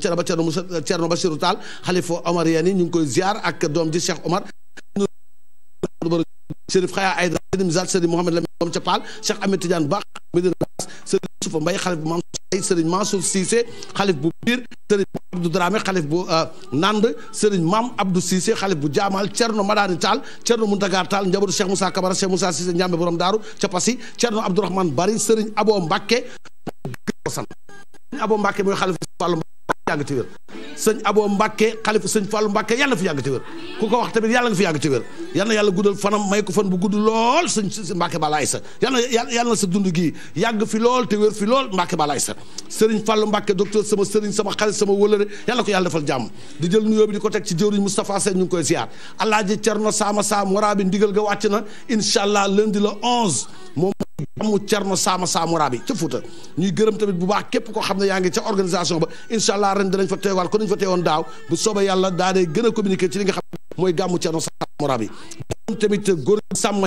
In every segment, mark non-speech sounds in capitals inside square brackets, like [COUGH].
Cerno ba Cerno Musa Cerno Basiru Taal xalifa Omar yani ñu ngi koy ziar ak doom ji Cheikh Omar Sërif Xaya Aydra Sëriñ Zal Sëriñ Mohamed Lamine doom ca Paal Cheikh Ahmed Tidiane Ba Medina Bass xalif bu Mansour Sy Sëriñ Mansour Cissé xalif bu Biir Sëriñ Abdou Dramé xalif bu euh, Nand Sëriñ Maam Abdou Cissé xalif bu Jaamal Cerno Madani Taal Cerno Muntaga Taal njabootu Cheikh Moussa Kabara Cheikh Moussa Cissé Njambe borom Daaru ca Passy Cerno Abdourahmane Bari Sëriñ Abo Mbàkke Abo Mbàkke mooy yàgg ci wér sëñ Abo Mbàkke xalifa sëñ Fàllu Mbàkke yàlla na fi yàgg ci wér ku ko wax tamit yàlla nga fi yàgg ci wér yàlla na yàlla guddal fanam may ko fan bu gudd lool sëñ Mbàkke Balla Aysa yàlla yàlla na sa dund gii yàgg fi lool te wér fi lool Mbàkke Balla Aysa sëriñ Fàllu Mbàkke docteur sama sëriñ sama xarit sama wëlëre yàlla ko yàlla defal jàmm di jël nuyoo bi di ko teg ci jëwriñ Moustapha Sène ñu ngi koy ziar Alaaji Cerno Saama Saam waraa bi ndigal ga wàcc na incha allah lundi le 11 moom amu cerno saama saamura bi ca Fuuta ñuy gërëm tamit bu baax képp koo xam ne yaa ngi ca organisation ba incha allah ren danañ fa teewaal ko nañ fa teewoon daaw bu soobee yàlla daa dee gën a ci li nga xam mooy gàmmu cerno saamura bi gërëm tamit góor sàmm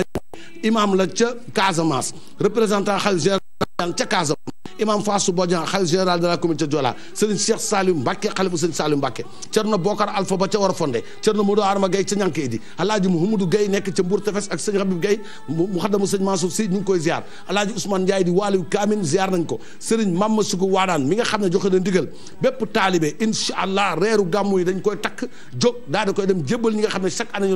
imam la ca Casamance représentant xal général ca Casamance imam Fassou Bodian xalif général de la communauté Joola Serigne Cheikh Salim Mbacke xalifu Serigne Salim Mbacke Cerno Bokar Alpha ba ca war fonde Cerno Modou Arma Gaye ca ñànke idi alaaji Mouhamadou Gaye nekk ca Mbour Tefes ak Serigne Habib Gaye mu xaddamu Serigne Mansour Mama Sugu Waadaan mi nga xam ne joxe na ndigal bépp taalibe incha allah reeru gàmmu yi dañ koy takk jóg daal di koy dem xam ne chaque année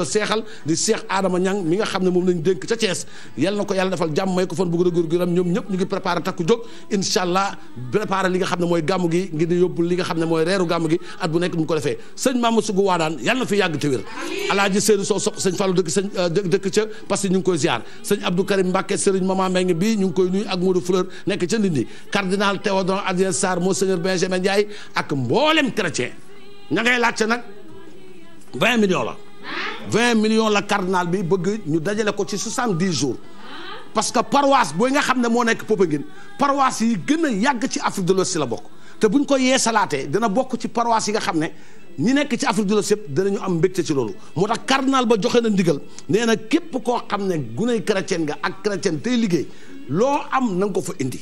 la seexal di Cheikh Adama Niang mi nga xam ne dénk ca Thiès na ko yàlla defal jàmm may ko wér gu yaram ñoom ñëpp ñu ngi préparé takku jóg incha allah li nga xam ne mooy gàmm gi ngir di yóbbu li nga xam ne mooy reeru gàmm gi at bu nekk ñu ko defee sëñ Mamadou Sougou Wadane yàlla na fi yàgg te wér alaaji Seydou Sow sëñ Fallou dëkk sëñ euh, dëkk ca parce ñu ngi koy ziar sëñ Abdou Karim Mbacke sëriñ Mama Meng bi ñu ngi koy nuyu ak Modou Fleur nekk ca Ndindi cardinal Théodore Adrien Sarr monseigneur Benjamin Ndiaye ak mboolem chrétien ña ngay laajte la 20 millions la cardinal bi parce que paroisse booy nga xam ne moo nekk Popenguine paroisse yi gën a yàgg ci Afrique de l'Ouest si la bokk te bu ñu ko yeesalaatee dina bokk ci paroisse yi nga xam ne ñi nekk ci Afrique de l'Ouest yëpp dinañu am mbégte ci loolu moo tax cardinal ba joxe na ndigal nee na képp koo xam ne guney chrétien nga ak chrétien tey liggéey loo am na nga ko fa indi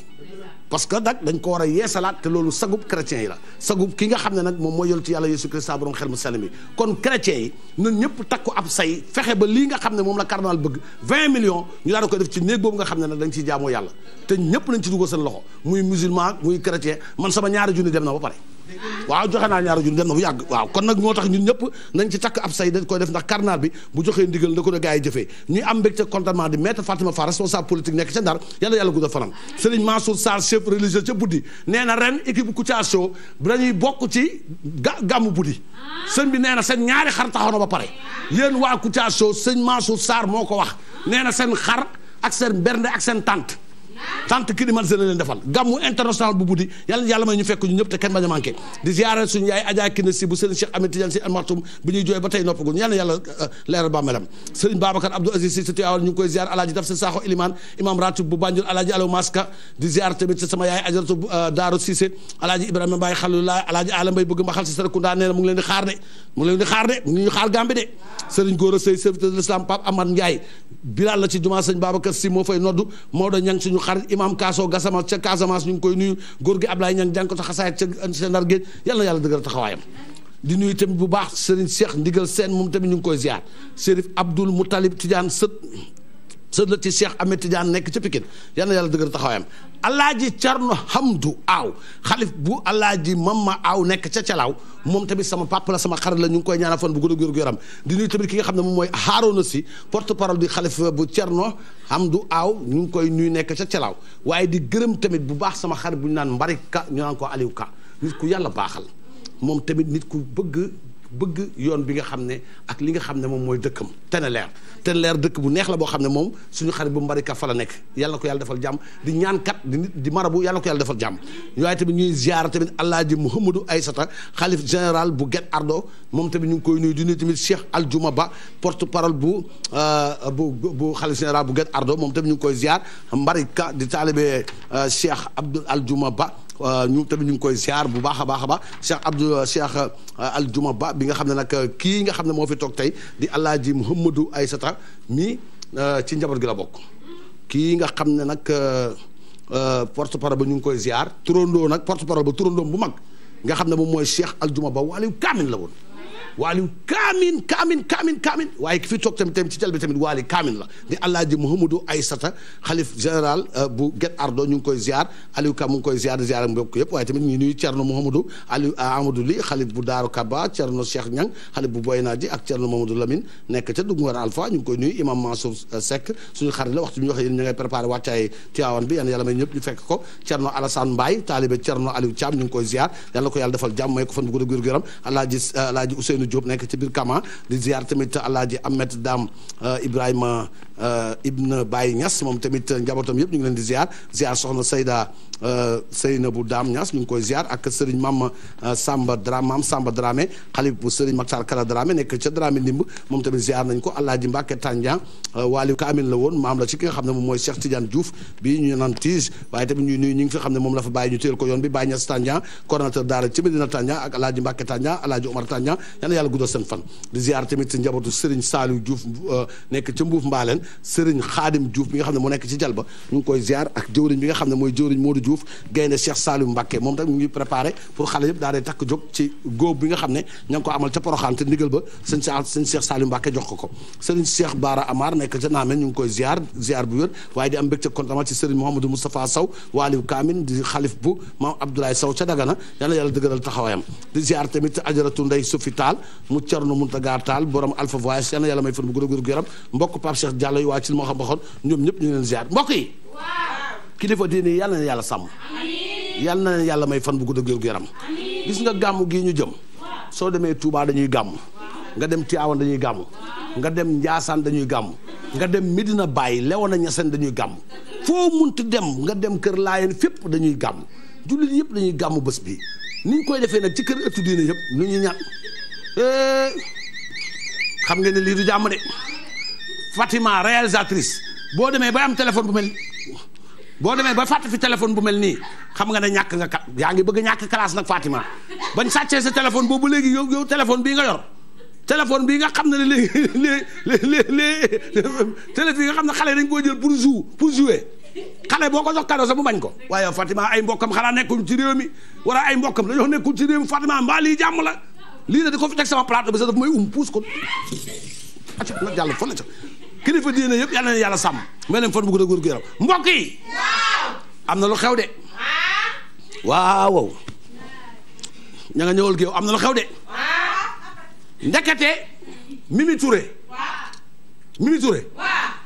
parce que nag dañ ko war a yeesalaat te loolu sagub chrétien yi la sagub ki nga xam ne nag moom mooy yonentu yàlla Yeesu Christ borom xel mu sell mi kon chrétien yi ñun ñëpp takku ab say fexe ba lii nga xam ne moom la cardinal bëgg 20 millions ñu daal di def ci néeg boobu nga xam ne nag dañ ci jaamoo yàlla te ñëpp nañ ci dugal seen loxo muy musulman muy chrétien man sama ñaari junni dem na ba pare waaw joxe naa ñaari junni dem na bu yàgg waaw kon nag moo tax ñun ñëpp nañ ci takk ab say dañ koy def ndax carnaval bi bu joxee ndigal da ko ne gars yi jëfee ñuy am mbégte contentement di maître Fatima Fall responsable politique nekk ca Ndar yàlla yàlla gudd fanam Serigne Mansour Sarr chef religieux ca buddi nee ren équipe Kouthia Show dañuy bokk ci ga gàmmu buddi sëñ bi nee na seen ñaari xar taxaw na ba pare yéen waa Kouthia Show sëñ Mansour saar moo ko wax nee na seen xar ak seen bernde ak seen tànt tant climatisé la leen defal gàmmu international bu buddi yàlla yàlla may ñu fekk te kenn bañ a di ziare suñu yaay Adja Kine bu Serigne Cheikh Ahmed Tidiane si almartum bi ñuy jooy ba tey noppaguñ yàlla yàlla euh, leeral bàmmeelam Serigne Babacar euh, si siti awal ñu ngi leen di xaar de mu leen di xaar de de Serigne Gora Sey serviteur de l'islam Pape Amad la ci jumaa Serigne Babacar si moo fay noddu Maodo Ñang suñu xar imam Kaaso Gassama ca Casamance ñu ngi koy nuyu góor gi Ablaye Niang jàng ko ta xasaayat ca ca Ndar géej yàlla na yàlla dëgëral taxawaayam di nuyu tamit bu baax Serigne Cheikh Ndigal seen moom tamit ñu ngi koy ziar Serif Abdoul Moutalib Tidiane sët sët la ci Cheikh Ahmed nekk ca Pikine yal na yàlla dëgëral taxawaayam Alaaji Carno Hamdu Aaw xalif bu Alaaji Mamma Aaw nekk ca Calaaw moom tamit sama papa la sama xarit la ñu ngi koy ñaanal fan bu gudd wér gu yaram di nuyu tamit ki nga xam ne moom mooy Harouna Sy porte parole di xalif bu Thierno Hamdou Aw ñu ngi koy nuyu nekk sa Calaaw waaye di gërëm tamit bu baax sama xarit bu ñu naan Mbari Ka ñu naan ko Aliou Ka nit ku yàlla baaxal moom tamit nit ku bëgg bëgg yoon bi nga xam ne ak li nga xam ne moom mooy dëkkam Ténélaire Ténélaire dëkk bu neex la boo xam ne moom suñu xarit bu Mbarika fa la nekk yàlla na ko yàlla defal jàmm di ñaan kat di nit di marabu yàlla na ko yàlla defal jàmm waaye tamit ñuy ziar tamit Alaaji Mouhamadou Aysata xalif général bu Guet Ardo moom tamit ñu ngi koy nuyu di nuyu tamit Cheikh Aljuma Ba porte parole bu euh, bu bu xalif général bu Guet Ardo moom tamit ñu ngi koy ziar Mbarika di taalibe euh, Cheikh al Aljuma Ba Euh, ñu tamit ñu ngi koy ziar bu baax a baax a baax Cheikh Abdou Cheikh euh, Aljuma Ba bi nga xam ne nag euh, kii nga xam ne moo fi toog tey di Alaaji Mouhamadou Aysata mi ci njaboot gi la bokk kii nga xam ne nag porte parole ba ñu ngi koy ziar turandoo nag porte parole ba turandoom bu mag nga xam ne moom mooy Cheikh Aljuma Ba waaliw kaamil la woon. waaliw kaamin kaamin kaamin kaamin waaye ki fi toog tamit tamit ci jal bi tamit waali kaamin la di Alaaji Mouhamadou Aysata xalif général euh, bu Guet Ardo ñu ngi koy ziar Aliou Ka mu ngi koy ziar ziar mbokk yëpp waaye tamit ñu nuyu Thierno euh, bu Daaru Kaba Thierno Cheikh bu Boynaaji ak Thierno Mamadou Lamine nekk ca Dugg Ngor Alpha ñu ngi koy nuyu Imam Mansour euh, Seck suñu xarit la waxtu bi ñu waxee yéen ñu ngay préparé wàccaay Tiwaawan may ñu fekk ko Thierno Alassane Mbaye taalibe Thierno Aliou Thiam ñu jàmm may ko Diop nekk ci biir Kama di ziar tamit Alaaji Ahmed Dame euh, Ibrahima euh, Ibn Baye Niass moom tamit njabootam yëpp ñu ngi leen di ziar ziar soxna Seyda Euh, Seynabou Dame Niass ñu ngi koy ziar ak Serigne Mame euh, Samba Dramé Mame Samba Dramé xalif bu Serigne Makhtar Kala Dramé nekk ca Dramé ndimb moom tamit ziar nañ ko Alaaji Mbacke Tandian euh, waali kaamil la woon maam la ci ki nga xam moom mooy Cheikh Tidiane Diouf xam ne moom la fa bàyyi yoon bi Baye Niass Tandian coordonnateur daara ci Medina Tandian ak yàlla guddal seen fan di ziar tamit si njabootu Serigne Saliou Diouf nekk ca Mbuuf Mbaaleen Serigne Khadim Diouf bi nga xam ne mu nekk ci Jalba ñu ngi koy ziar ak jëwriñ bi nga xam ne mooy jëwriñ Modou Diouf gaynde Cheikh Saliou Mbacké moom tamit mu ngi préparé pour xale yëpp daal di takk jóg ci góob bi nga xam ne ña ngi ko amal ca Poroxaan te ndigal ba sëñ sëñ Cheikh Saliou jox ko ko sëriñ Cheikh Bara Amar nekk ca Naameen ñu ngi koy ziar ziar bu wér waaye di am mbégte kontaan ci sëriñ Mouhamadou Moustapha Sow waaliw Kaamin di xalif bu maam Abdoulaye taxawaayam di ziar tamit ajaratu Ndey Sufi Taal mu Cerno Muntaga Taal borom Alpha Voyage yàlla yàlla may fan bu gudd gudd yaram kilifa diine yàlla na yàlla sàmm yàlla na ne yàlla may fan bu gudd ak yaram gis nga gàmm gii ñu jëm soo demee Touba dañuy gàmm nga dem Tivaouane dañuy gàmmu nga dem njaasaan dañuy gàmm nga dem Medina Baye Léona Niassène dañuy gàmm foo munti dem nga dem Kër Laayeen fépp dañuy gàmm jullit yëpp dañuy gàmm bés bi ni ñu koy defee nag ci kër ëttu diine yëpp nu ñu ñaan eh, xam nga ne lii du jàmm de Fatima réalisatrice boo demee ba am téléphone bu m boo demee ba fàtte fi bu mel nii xam nga ne ñàkk nga kat yaa ngi bëgg ñàkk classe nag Fatima bañ sàccee sa téléphone boobu léegi yow yow téléphone bii nga yor téléphone bii nga xam ne léegi léegi léegi téléphone yi nga xam ne xale dañ koo jël pour jouer pour jouer xale boo ko jox cadeau sax mu bañ ko waaye Fatima ay mbokkam xanaa nekkul ci réew mi wala ay mbokkam dañoo nekkul ci réew mi Fatima mbaa lii jàmm la lii na di ko fi teg sama plateau bi sax daf may um puus ko acca na jàll fa la kilifa diine yëpp yal na yàlla sàmm may leen fan bu gën yaram mbokk am na lu xew de waaw ña nga ñëwal géew am na lu xew de ndekete Mimi Touré Mimi Touré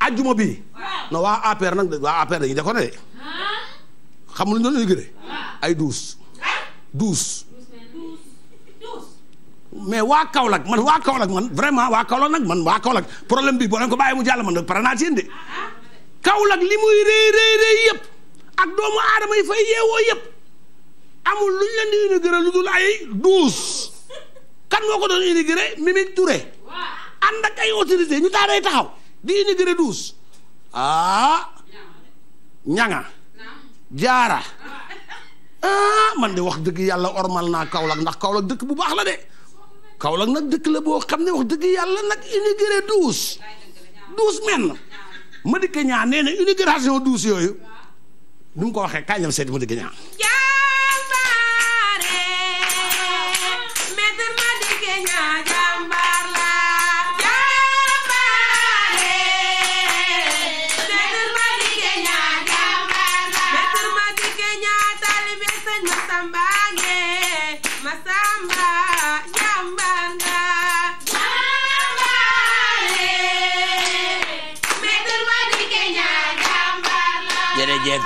ajjuma bi non waa APR nag waa APR dañuy defoon ne de xam nga lu ñu doon ay douze mais waa Kaolack man waa Kaolack man vraiment waa Kaolack nag man waa Kaolack problème bi boo leen ko bàyyi mu jàll man nag pare naa ci de Kaolack li muy rëy rëy rëy yëpp ak doomu aadama yi fay yeewoo yëpp amul lu ko doon inauguré Mimi Touré ànd ak ay autorité ñu taa ah, [LAUGHS] ah, man de wax dëgg yàlla ormal naa Kaolack ndax Kaolack dëkk bu baax la de kaw Kaolack nag dëkk la boo xam ne wax dëgg yàlla nag inauguré douze douze menn ma dikk ñaan nee na inauguration douze yooyu ni mu ko waxee kañ la seeti ma dikk ñaan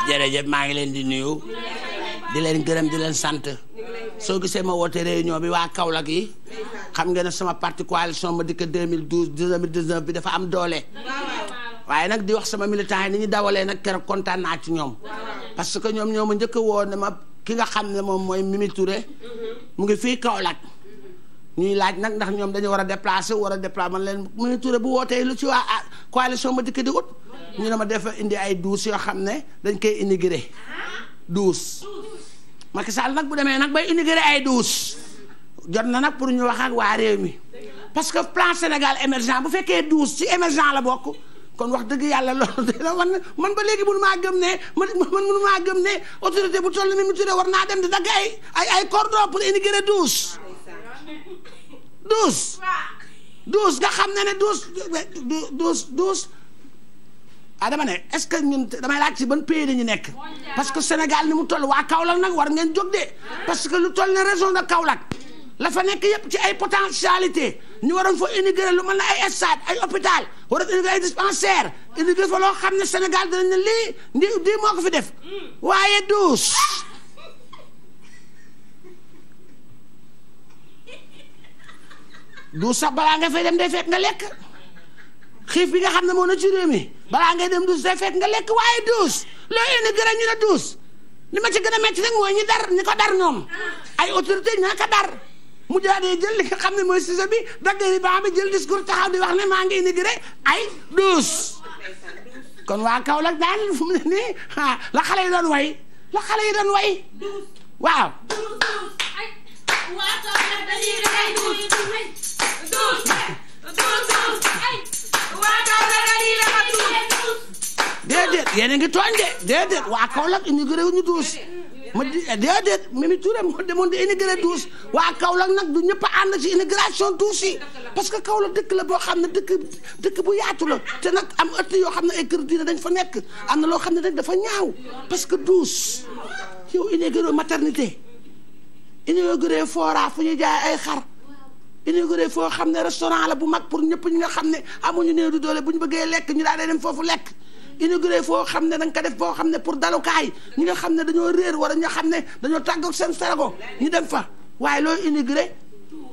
jërëjëf maa ngi leen di nuyu di leen gërëm di leen sant soo gisee ma wootee ree ñoom bi waa Kaolack yi xam ngeen ne sama parti coalition ma dikk 2012 2019 bi dafa am doole waaye nag di wax sama militant yi ñu dawalee nag keroog kontaan naa ci ñoom parce que ñoom ñoo ma njëkk woon woo ma ki nga xam ne moom mooy Mimi Touré mu ngi fii Kaolack ñuy laaj nag ndax ñoom dañu war a déplacer war a déplacer man leen Mimi Touré bu wootee lu ci waa ah, coalition ma dikk di wut ñu ne ma defa indi ay douze yoo xam ne dañ koy intégré douze Macky Sall nag bu demee nag bay intégré ay douze jot na nag pour ñu wax ak waa réew mi parce que plan Sénégal émergent bu fekkee douze ci émergent la bokk kon wax dëgg yàlla la war na man ba léegi mënu ne man man ne autorité bu toll war naa dem di dagg ay ay ay cordon pour intégré douze douze douze nga xam ne ne douze douze douze ah ne est-ce que ñun damay laaj ci ban pays dañu nekk parce que Sénégal ni mu toll waa Kaolack nag war ngeen jóg de parce que lu toll ne région de Kaolack la fa nekk yëpp ci ay potentialité ñu waroon fa intégré lu mel ne ay stade ay hôpital waroon intégré ay dispensaire intégré fa loo xam ne Sénégal dinañ ne lii ndi lii def waaye duus duus sax balaa nga fay dem day fekk nga lekk xiif bi nga xam ne moo na ci réew balaa ngay dem duus day fekk nga lekk waaye duus loo indi gërë ñu ne duus li ma ci gën a métti nag mooy ñi dar ñi ko dar ñoom ay autorité ñaa ko dar mu jaadee jël li nga ne mooy sujet bi daggee yi baa mi jël discours taxaw di wax ne maa ngi indi ay duus kon waa Kaolack daal fu mu ne nii la xale yi doon way way waaw déedéet yéen a ngi tooñ de déedéet waa Kaolack immigré wu ñu douze ma di déedéet Mimi Touré moo demoon di immigré douze waa Kaolack nag du ñëpp a ànd ci immigration douze yi parce que Kaolack dëkk la boo xam ne dëkk dëkk bu yaatu la te nag am ëtt yoo xam ne ay kër diine dañ fa nekk am na loo xam ne dañ dafa ñaaw parce que douze yow inauguré maternité inauguré fora fu ñuy jaay ay xar inauguré foo xam ne restaurant la bu mag pour ñëpp ñi nga xam ne amuñu néew du doole bu ñu bëggee lekk ñu daal di dem foofu lekk inauguré foo xam ne da ko def foo xam ne pour dalukaay ñi nga xam ne dañoo réer wala ñi nga xam ne dañoo tàggoog seen sarago ñu dem fa waaye looy inauguré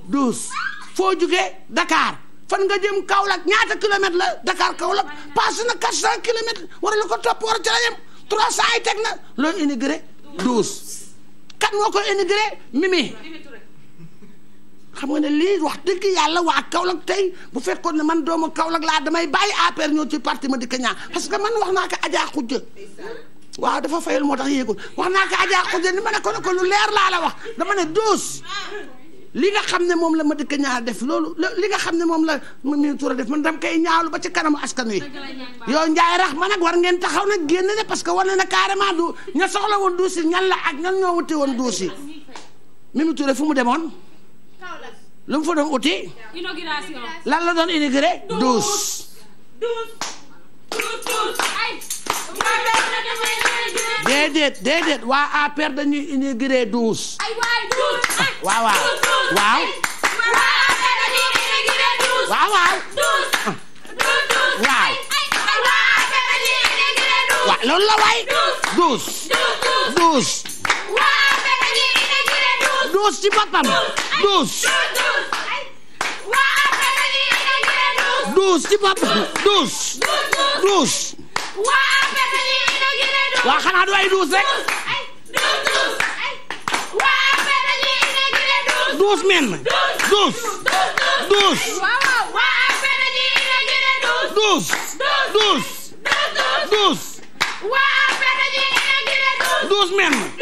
douze foo jugee Dakar fan nga jëm Kaolack ñaata kilomètres la Dakar Kaolack passé na quatre cent kilomètres wara la ko topp war a ca la yem trois cent yi teg na looy inauguré douze kan ko xam nga ne lii wax dëgg yàlla waa Kaolack tey bu fekkoon ne man doomu Kaolack laa damay bàyyi APR ñëw ci parti ma dikk ñaa parce que man wax naa ko Adja Khoudia waaw dafa fayal moo tax yéegul wax naa ko Adja Khoudia ni ma ne ko ne ko lu leer laa la wax dama ne douze li nga xam ne moom la ma dikk ñaar def loolu li nga xam ne moom la Mimi Touré def man dam koy ñaawlu ba ci kanamu askan wi yow Ndiaye rax ma nag war ngeen taxaw nag génn de parce que war na ne carrément du ña soxla woon duusi ñan la ak ñan ñoo wuti woon duusi Mimi Touré fu mu demoon lu mu fa doon uti. inauguration lan la doon inauguré. douze déedéet déedéet waa APR dañuy inauguré douze. waaw waaw waaw. waaw waaw. waaw. waaw loolu la waay. douze. douze. douze ci boppam. douze. douze ci bopp douze. douze. waa xanaa du ay douze rek. douze men. douze. douze. douze. douze. douze. douze men.